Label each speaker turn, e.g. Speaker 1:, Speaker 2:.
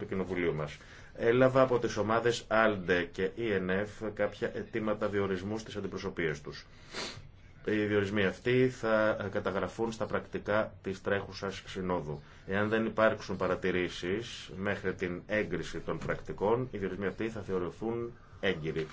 Speaker 1: του Κοινοβουλίου μας. Έλαβα από τις ομάδες ALDE και ENF κάποια αιτήματα διορισμού στις αντιπροσωπείες τους. Οι διορισμοί αυτοί θα καταγραφούν στα πρακτικά της τρέχουσας συνόδου. Εάν δεν υπάρξουν παρατηρήσεις μέχρι την έγκριση των πρακτικών, οι διορισμοί αυτοί θα θεωρηθούν έγκυροι.